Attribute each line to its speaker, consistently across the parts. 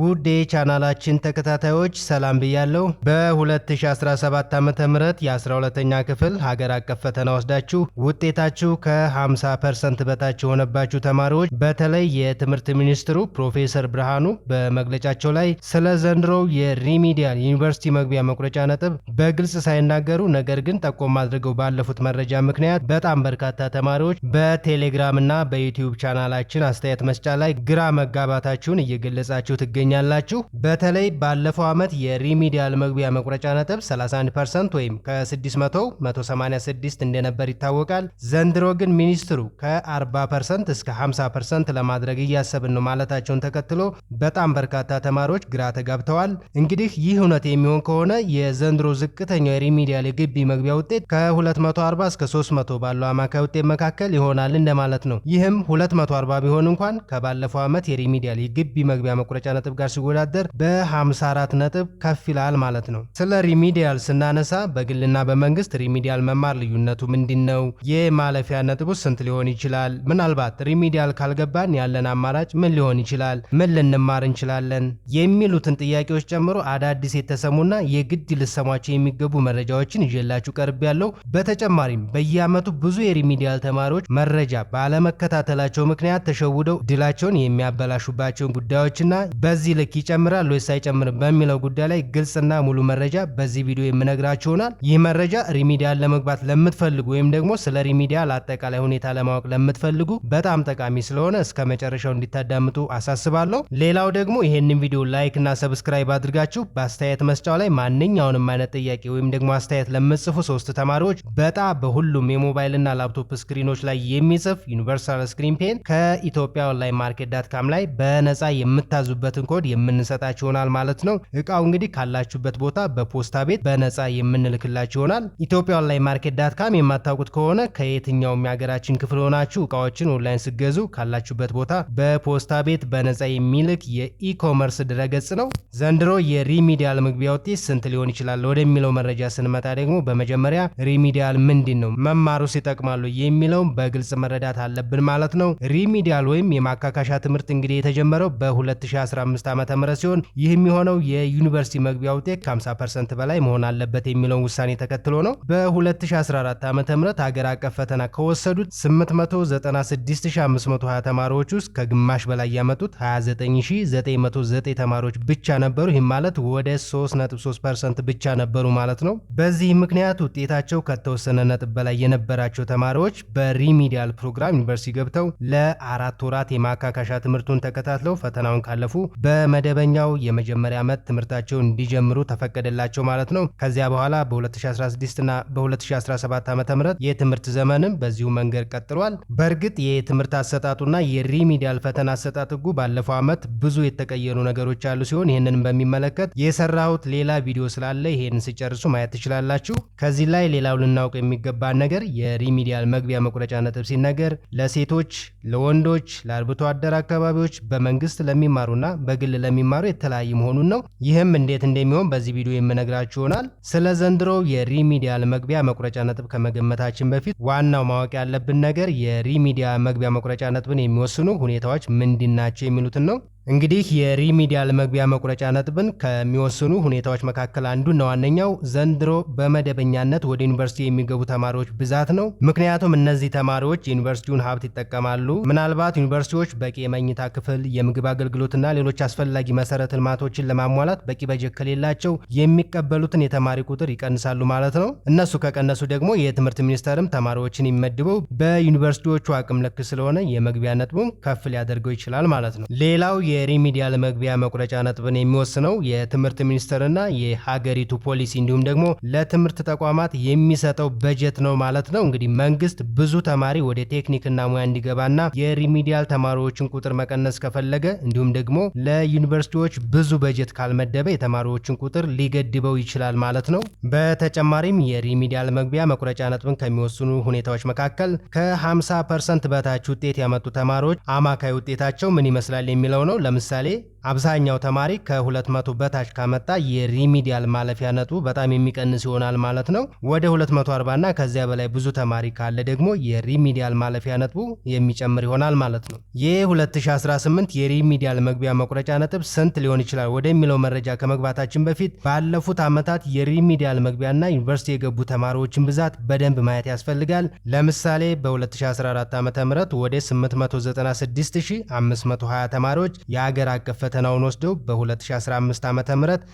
Speaker 1: ውድ የቻናላችን ተከታታዮች ሰላም ብያለሁ። በ2017 ዓ ም የ12ኛ ክፍል ሀገር አቀፍ ፈተና ወስዳችሁ ውጤታችሁ ከ50 ፐርሰንት በታች የሆነባችሁ ተማሪዎች በተለይ የትምህርት ሚኒስትሩ ፕሮፌሰር ብርሃኑ በመግለጫቸው ላይ ስለ ዘንድሮው የሪሚዲያል ዩኒቨርሲቲ መግቢያ መቁረጫ ነጥብ በግልጽ ሳይናገሩ ነገር ግን ጠቆም አድርገው ባለፉት መረጃ ምክንያት በጣም በርካታ ተማሪዎች በቴሌግራም እና በዩቲዩብ ቻናላችን አስተያየት መስጫ ላይ ግራ መጋባታችሁን እየገለጻችሁ ትገኛል ትገኛላችሁ። በተለይ ባለፈው ዓመት የሪሚዲያል መግቢያ መቁረጫ ነጥብ 31 ፐርሰንት ወይም ከ600 186 እንደነበር ይታወቃል። ዘንድሮ ግን ሚኒስትሩ ከ40 ፐርሰንት እስከ 50 ፐርሰንት ለማድረግ እያሰብን ነው ማለታቸውን ተከትሎ በጣም በርካታ ተማሪዎች ግራ ተጋብተዋል። እንግዲህ ይህ እውነት የሚሆን ከሆነ የዘንድሮ ዝቅተኛው የሪሚዲያል የግቢ መግቢያ ውጤት ከ240 እስከ 300 ባለው አማካይ ውጤት መካከል ይሆናል እንደማለት ነው። ይህም 240 ቢሆን እንኳን ከባለፈው ዓመት የሪሚዲያል የግቢ መግቢያ መቁረጫ ነጥብ ጋር ሲወዳደር በ54 ነጥብ ከፍ ይላል ማለት ነው። ስለ ሪሚዲያል ስናነሳ በግልና በመንግስት ሪሚዲያል መማር ልዩነቱ ምንድን ነው? የማለፊያ ነጥቡ ስንት ሊሆን ይችላል? ምናልባት ሪሚዲያል ካልገባን ያለን አማራጭ ምን ሊሆን ይችላል? ምን ልንማር እንችላለን? የሚሉትን ጥያቄዎች ጨምሮ አዳዲስ የተሰሙና የግድ ልሰሟቸው የሚገቡ መረጃዎችን ይዤላችሁ ቀርብ ያለው። በተጨማሪም በየአመቱ ብዙ የሪሚዲያል ተማሪዎች መረጃ ባለመከታተላቸው ምክንያት ተሸውደው ድላቸውን የሚያበላሹባቸውን ጉዳዮችና በ በዚህ ልክ ይጨምራል ወይስ አይጨምርም በሚለው ጉዳይ ላይ ግልጽና ሙሉ መረጃ በዚህ ቪዲዮ የምነግራችሁ ይሆናል። ይህ መረጃ ሪሚዲያል ለመግባት ለምትፈልጉ ወይም ደግሞ ስለ ሪሚዲያል አጠቃላይ ሁኔታ ለማወቅ ለምትፈልጉ በጣም ጠቃሚ ስለሆነ እስከ መጨረሻው እንዲታዳምጡ አሳስባለሁ። ሌላው ደግሞ ይህንን ቪዲዮ ላይክ እና ሰብስክራይብ አድርጋችሁ በአስተያየት መስጫው ላይ ማንኛውንም አይነት ጥያቄ ወይም ደግሞ አስተያየት ለምትጽፉ ሶስት ተማሪዎች በጣም በሁሉም የሞባይልና ላፕቶፕ ስክሪኖች ላይ የሚጽፍ ዩኒቨርሳል ስክሪን ፔን ከኢትዮጵያ ኦንላይን ማርኬት ዳት ካም ላይ በነፃ የምታዙበትን ቁጥርን ኮድ የምንሰጣችሁ ይሆናል ማለት ነው። እቃው እንግዲህ ካላችሁበት ቦታ በፖስታ ቤት በነፃ የምንልክላችሁ ይሆናል። ኢትዮጵያ ኦንላይን ማርኬት ዳት ካም የማታውቁት ከሆነ ከየትኛውም የሀገራችን ክፍል ሆናችሁ እቃዎችን ኦንላይን ስገዙ ካላችሁበት ቦታ በፖስታ ቤት በነፃ የሚልክ የኢኮመርስ ድረገጽ ነው። ዘንድሮ የሪሚዲያል መግቢያ ውጤት ስንት ሊሆን ይችላል ወደሚለው መረጃ ስንመጣ ደግሞ በመጀመሪያ ሪሚዲያል ምንድን ነው፣ መማሩስ ይጠቅማሉ የሚለውም በግልጽ መረዳት አለብን ማለት ነው። ሪሚዲያል ወይም የማካካሻ ትምህርት እንግዲህ የተጀመረው በ2015 2015 ዓ ም ሲሆን ይህ የሚሆነው የዩኒቨርሲቲ መግቢያ ውጤት ከ50 ፐርሰንት በላይ መሆን አለበት የሚለውን ውሳኔ ተከትሎ ነው። በ2014 ዓ ም ሀገር አቀፍ ፈተና ከወሰዱት 896520 ተማሪዎች ውስጥ ከግማሽ በላይ ያመጡት 29909 ተማሪዎች ብቻ ነበሩ። ይህም ማለት ወደ 3.3 ፐርሰንት ብቻ ነበሩ ማለት ነው። በዚህ ምክንያት ውጤታቸው ከተወሰነ ነጥብ በላይ የነበራቸው ተማሪዎች በሪሚዲያል ፕሮግራም ዩኒቨርሲቲ ገብተው ለአራት ወራት የማካካሻ ትምህርቱን ተከታትለው ፈተናውን ካለፉ በመደበኛው የመጀመሪያ ዓመት ትምህርታቸውን እንዲጀምሩ ተፈቀደላቸው ማለት ነው። ከዚያ በኋላ በ2016 እና በ2017 ዓ ም የትምህርት ዘመንም በዚሁ መንገድ ቀጥሏል። በእርግጥ የትምህርት አሰጣጡና የሪሚዲያል ፈተና አሰጣጥ ህጉ ባለፈው ዓመት ብዙ የተቀየሩ ነገሮች አሉ ሲሆን ይህንንም በሚመለከት የሰራሁት ሌላ ቪዲዮ ስላለ ይህን ሲጨርሱ ማየት ትችላላችሁ። ከዚህ ላይ ሌላው ልናውቅ የሚገባን ነገር የሪሚዲያል መግቢያ መቁረጫ ነጥብ ሲነገር ለሴቶች፣ ለወንዶች፣ ለአርብቶ አደር አካባቢዎች በመንግስት ለሚማሩና በ በግል ለሚማሩ የተለያየ መሆኑን ነው። ይህም እንዴት እንደሚሆን በዚህ ቪዲዮ የምነግራችሁ ይሆናል። ስለ ዘንድሮው የሪሚዲያል መግቢያ መቁረጫ ነጥብ ከመገመታችን በፊት ዋናው ማወቅ ያለብን ነገር የሪሚዲያ መግቢያ መቁረጫ ነጥብን የሚወስኑ ሁኔታዎች ምንድናቸው የሚሉትን ነው። እንግዲህ የሪሚዲያል መግቢያ መቁረጫ ነጥብን ከሚወስኑ ሁኔታዎች መካከል አንዱና ዋነኛው ዘንድሮ በመደበኛነት ወደ ዩኒቨርሲቲ የሚገቡ ተማሪዎች ብዛት ነው። ምክንያቱም እነዚህ ተማሪዎች የዩኒቨርሲቲውን ሀብት ይጠቀማሉ። ምናልባት ዩኒቨርሲቲዎች በቂ የመኝታ ክፍል፣ የምግብ አገልግሎትና ሌሎች አስፈላጊ መሰረተ ልማቶችን ለማሟላት በቂ በጀት ከሌላቸው የሚቀበሉትን የተማሪ ቁጥር ይቀንሳሉ ማለት ነው። እነሱ ከቀነሱ ደግሞ የትምህርት ሚኒስቴርም ተማሪዎችን የሚመድበው በዩኒቨርሲቲዎቹ አቅም ልክ ስለሆነ የመግቢያ ነጥቡም ከፍ ሊያደርገው ይችላል ማለት ነው። ሌላው የሪሚዲያል መግቢያ መቁረጫ ነጥብን የሚወስነው የትምህርት ሚኒስቴርና የሀገሪቱ ፖሊሲ እንዲሁም ደግሞ ለትምህርት ተቋማት የሚሰጠው በጀት ነው ማለት ነው። እንግዲህ መንግስት ብዙ ተማሪ ወደ ቴክኒክና ሙያ እንዲገባና የሪሚዲያል ተማሪዎችን ቁጥር መቀነስ ከፈለገ እንዲሁም ደግሞ ለዩኒቨርሲቲዎች ብዙ በጀት ካልመደበ የተማሪዎችን ቁጥር ሊገድበው ይችላል ማለት ነው። በተጨማሪም የሪሚዲያል መግቢያ መቁረጫ ነጥብን ከሚወስኑ ሁኔታዎች መካከል ከ50 ፐርሰንት በታች ውጤት ያመጡ ተማሪዎች አማካይ ውጤታቸው ምን ይመስላል የሚለው ነው። madame salée, አብዛኛው ተማሪ ከ200 በታች ካመጣ የሪሚዲያል ማለፊያ ነጥቡ በጣም የሚቀንስ ይሆናል ማለት ነው። ወደ 240 እና ከዚያ በላይ ብዙ ተማሪ ካለ ደግሞ የሪሚዲያል ማለፊያ ነጥቡ የሚጨምር ይሆናል ማለት ነው። የ2018 የሪሚዲያል መግቢያ መቁረጫ ነጥብ ስንት ሊሆን ይችላል ወደሚለው መረጃ ከመግባታችን በፊት ባለፉት ዓመታት የሪሚዲያል መግቢያና ዩኒቨርሲቲ የገቡ ተማሪዎችን ብዛት በደንብ ማየት ያስፈልጋል። ለምሳሌ በ2014 ዓ ም ወደ 896520 ተማሪዎች የአገር አቀፍ ፈተናውን ወስደው በ2015 ዓ ም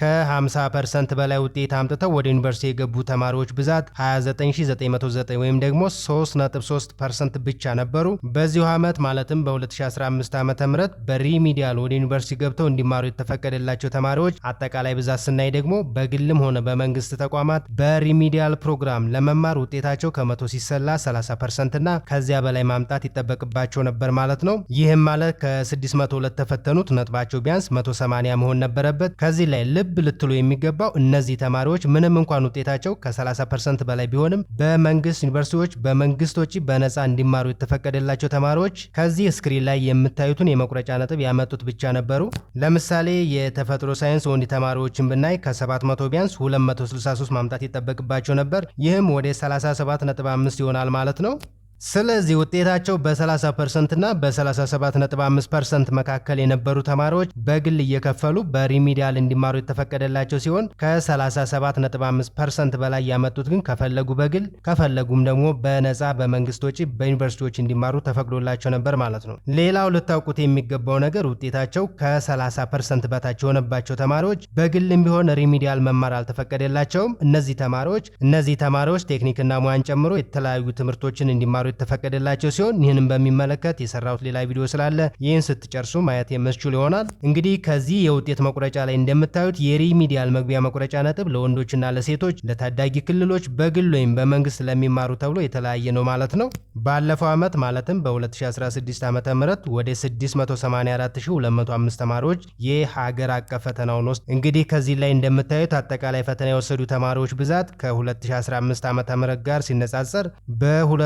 Speaker 1: ከ50 ፐርሰንት በላይ ውጤት አምጥተው ወደ ዩኒቨርሲቲ የገቡ ተማሪዎች ብዛት 29909 ወይም ደግሞ 3.3 ፐርሰንት ብቻ ነበሩ። በዚሁ ዓመት ማለትም በ2015 ዓ ም በሪሚዲያል ወደ ዩኒቨርሲቲ ገብተው እንዲማሩ የተፈቀደላቸው ተማሪዎች አጠቃላይ ብዛት ስናይ ደግሞ በግልም ሆነ በመንግስት ተቋማት በሪሚዲያል ፕሮግራም ለመማር ውጤታቸው ከመቶ ሲሰላ 30 ፐርሰንት እና ከዚያ በላይ ማምጣት ይጠበቅባቸው ነበር ማለት ነው። ይህም ማለት ከ602 ተፈተኑት ነጥባቸው ቢያንስ 180 መሆን ነበረበት። ከዚህ ላይ ልብ ልትሉ የሚገባው እነዚህ ተማሪዎች ምንም እንኳን ውጤታቸው ከ30 ፐርሰንት በላይ ቢሆንም በመንግስት ዩኒቨርሲቲዎች በመንግስት ወጪ በነፃ እንዲማሩ የተፈቀደላቸው ተማሪዎች ከዚህ ስክሪን ላይ የምታዩትን የመቁረጫ ነጥብ ያመጡት ብቻ ነበሩ። ለምሳሌ የተፈጥሮ ሳይንስ ወንድ ተማሪዎችን ብናይ ከ700 ቢያንስ 263 ማምጣት ይጠበቅባቸው ነበር። ይህም ወደ 37.5 ይሆናል ማለት ነው። ስለዚህ ውጤታቸው በ30 ፐርሰንት እና በ37.5 ፐርሰንት መካከል የነበሩ ተማሪዎች በግል እየከፈሉ በሪሚዲያል እንዲማሩ የተፈቀደላቸው ሲሆን ከ37.5 ፐርሰንት በላይ ያመጡት ግን ከፈለጉ በግል ከፈለጉም ደግሞ በነፃ በመንግስት ወጪ በዩኒቨርሲቲዎች እንዲማሩ ተፈቅዶላቸው ነበር ማለት ነው። ሌላው ልታውቁት የሚገባው ነገር ውጤታቸው ከ30 ፐርሰንት በታች የሆነባቸው ተማሪዎች በግልም ቢሆን ሪሚዲያል መማር አልተፈቀደላቸውም። እነዚህ ተማሪዎች እነዚህ ተማሪዎች ቴክኒክና ሙያን ጨምሮ የተለያዩ ትምህርቶችን እንዲማሩ እንዲማሩ የተፈቀደላቸው ሲሆን ይህንም በሚመለከት የሰራሁት ሌላ ቪዲዮ ስላለ ይህን ስትጨርሱ ማየት የመስችል ይሆናል። እንግዲህ ከዚህ የውጤት መቁረጫ ላይ እንደምታዩት የሪሚዲያል መግቢያ መቁረጫ ነጥብ ለወንዶችና ለሴቶች፣ ለታዳጊ ክልሎች፣ በግል ወይም በመንግስት ለሚማሩ ተብሎ የተለያየ ነው ማለት ነው። ባለፈው ዓመት ማለትም በ2016 ዓ ም ወደ 684205 ተማሪዎች የሀገር አቀፍ ፈተናውን ወስድ እንግዲህ ከዚህ ላይ እንደምታዩት አጠቃላይ ፈተና የወሰዱ ተማሪዎች ብዛት ከ2015 ዓ ም ጋር ሲነጻጸር በ210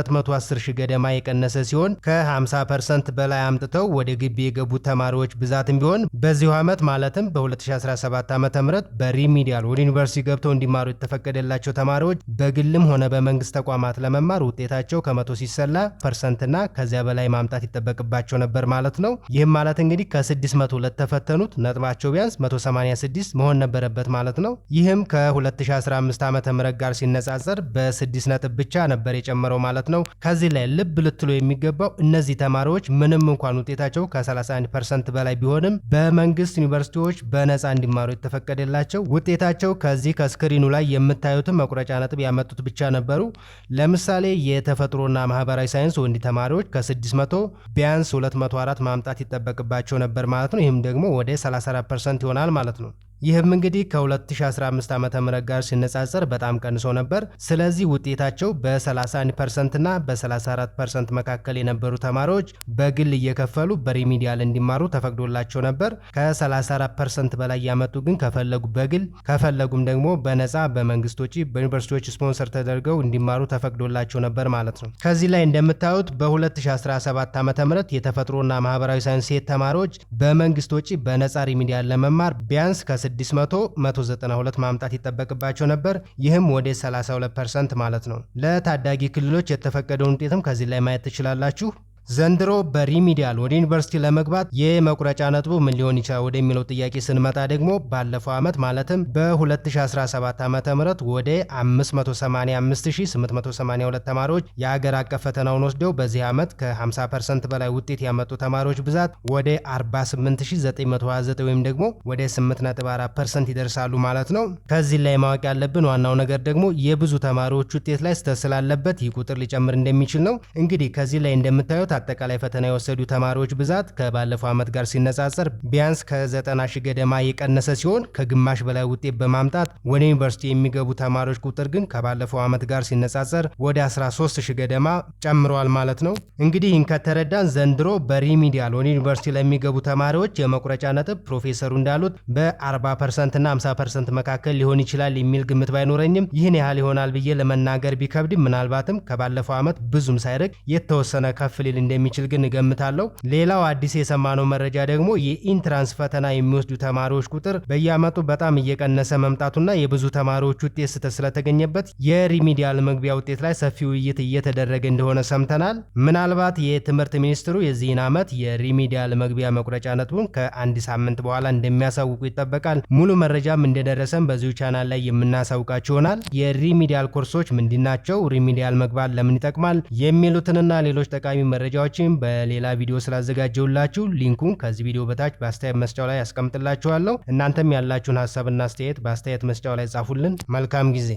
Speaker 1: 10 ሺህ ገደማ የቀነሰ ሲሆን ከ50 ፐርሰንት በላይ አምጥተው ወደ ግቢ የገቡት ተማሪዎች ብዛትም ቢሆን በዚሁ ዓመት ማለትም በ2017 ዓ ም በሪሚዲያል ወደ ዩኒቨርሲቲ ገብተው እንዲማሩ የተፈቀደላቸው ተማሪዎች በግልም ሆነ በመንግስት ተቋማት ለመማር ውጤታቸው ከመቶ ሲሰላ ፐርሰንትና ከዚያ በላይ ማምጣት ይጠበቅባቸው ነበር ማለት ነው። ይህም ማለት እንግዲህ ከ600 ለተፈተኑት ነጥባቸው ቢያንስ 186 መሆን ነበረበት ማለት ነው። ይህም ከ2015 ዓ ም ጋር ሲነጻጸር በ6 ነጥብ ብቻ ነበር የጨመረው ማለት ነው። በዚህ ላይ ልብ ልትሎ የሚገባው እነዚህ ተማሪዎች ምንም እንኳን ውጤታቸው ከ31 ፐርሰንት በላይ ቢሆንም በመንግስት ዩኒቨርሲቲዎች በነፃ እንዲማሩ የተፈቀደላቸው ውጤታቸው ከዚህ ከስክሪኑ ላይ የምታዩትን መቁረጫ ነጥብ ያመጡት ብቻ ነበሩ። ለምሳሌ የተፈጥሮና ማህበራዊ ሳይንስ ወንድ ተማሪዎች ከ600 ቢያንስ 204 ማምጣት ይጠበቅባቸው ነበር ማለት ነው። ይህም ደግሞ ወደ 34 ፐርሰንት ይሆናል ማለት ነው። ይህም እንግዲህ ከ2015 ም ጋር ሲነጻጸር በጣም ቀንሶ ነበር። ስለዚህ ውጤታቸው በ31 ፐርሰንት እና በ34 ፐርሰንት መካከል የነበሩ ተማሪዎች በግል እየከፈሉ በሪሚዲያል እንዲማሩ ተፈቅዶላቸው ነበር። ከ34 ፐርሰንት በላይ ያመጡ ግን ከፈለጉ በግል ከፈለጉም ደግሞ በነፃ በመንግስት ወጪ በዩኒቨርሲቲዎች ስፖንሰር ተደርገው እንዲማሩ ተፈቅዶላቸው ነበር ማለት ነው። ከዚህ ላይ እንደምታዩት በ2017 ዓ ም የተፈጥሮና ማህበራዊ ሳይንስ ሴት ተማሪዎች በመንግስት ወጪ በነፃ ሪሚዲያል ለመማር ቢያንስ ከ6 692 ማምጣት ይጠበቅባቸው ነበር። ይህም ወደ 32 ፐርሰንት ማለት ነው። ለታዳጊ ክልሎች የተፈቀደውን ውጤትም ከዚህ ላይ ማየት ትችላላችሁ። ዘንድሮ በሪሚዲያል ወደ ዩኒቨርሲቲ ለመግባት የመቁረጫ ነጥቡ ምን ሊሆን ይችላል ወደሚለው ጥያቄ ስንመጣ ደግሞ ባለፈው ዓመት ማለትም በ2017 ዓ ም ወደ 585882 ተማሪዎች የአገር አቀፍ ፈተናውን ወስደው በዚህ ዓመት ከ50 ፐርሰንት በላይ ውጤት ያመጡ ተማሪዎች ብዛት ወደ 48929 ወይም ደግሞ ወደ 8.4 ፐርሰንት ይደርሳሉ ማለት ነው። ከዚህ ላይ ማወቅ ያለብን ዋናው ነገር ደግሞ የብዙ ተማሪዎች ውጤት ላይ ስተስላለበት ይህ ቁጥር ሊጨምር እንደሚችል ነው። እንግዲህ ከዚህ ላይ እንደምታዩት አጠቃላይ ፈተና የወሰዱ ተማሪዎች ብዛት ከባለፈው ዓመት ጋር ሲነጻጸር ቢያንስ ከ90 ሺህ ገደማ የቀነሰ ሲሆን ከግማሽ በላይ ውጤት በማምጣት ወደ ዩኒቨርሲቲ የሚገቡ ተማሪዎች ቁጥር ግን ከባለፈው ዓመት ጋር ሲነጻጸር ወደ 13 ሺህ ገደማ ጨምረዋል ማለት ነው። እንግዲህ ይህን ከተረዳን ዘንድሮ በሪሚዲያል ወደ ዩኒቨርሲቲ ለሚገቡ ተማሪዎች የመቁረጫ ነጥብ ፕሮፌሰሩ እንዳሉት በ40 ፐርሰንት እና 50 ፐርሰንት መካከል ሊሆን ይችላል የሚል ግምት ባይኖረኝም ይህን ያህል ይሆናል ብዬ ለመናገር ቢከብድም ምናልባትም ከባለፈው ዓመት ብዙም ሳይርቅ የተወሰነ ከፍ ሊል እንደሚችል ግን እገምታለሁ። ሌላው አዲስ የሰማነው መረጃ ደግሞ የኢንትራንስ ፈተና የሚወስዱ ተማሪዎች ቁጥር በየዓመቱ በጣም እየቀነሰ መምጣቱና የብዙ ተማሪዎች ውጤት ስህተት ስለተገኘበት የሪሚዲያል መግቢያ ውጤት ላይ ሰፊ ውይይት እየተደረገ እንደሆነ ሰምተናል። ምናልባት የትምህርት ሚኒስትሩ የዚህን ዓመት የሪሚዲያል መግቢያ መቁረጫ ነጥቡን ከአንድ ሳምንት በኋላ እንደሚያሳውቁ ይጠበቃል። ሙሉ መረጃም እንደደረሰን በዚሁ ቻናል ላይ የምናሳውቃችሁ ይሆናል። የሪሚዲያል ኮርሶች ምንድናቸው? ሪሚዲያል መግባት ለምን ይጠቅማል? የሚሉትንና ሌሎች ጠቃሚ መረጃ መረጃዎችን በሌላ ቪዲዮ ስላዘጋጀውላችሁ ሊንኩን ከዚህ ቪዲዮ በታች በአስተያየት መስጫው ላይ ያስቀምጥላችኋለሁ። እናንተም ያላችሁን ሀሳብና አስተያየት በአስተያየት መስጫው ላይ ጻፉልን። መልካም ጊዜ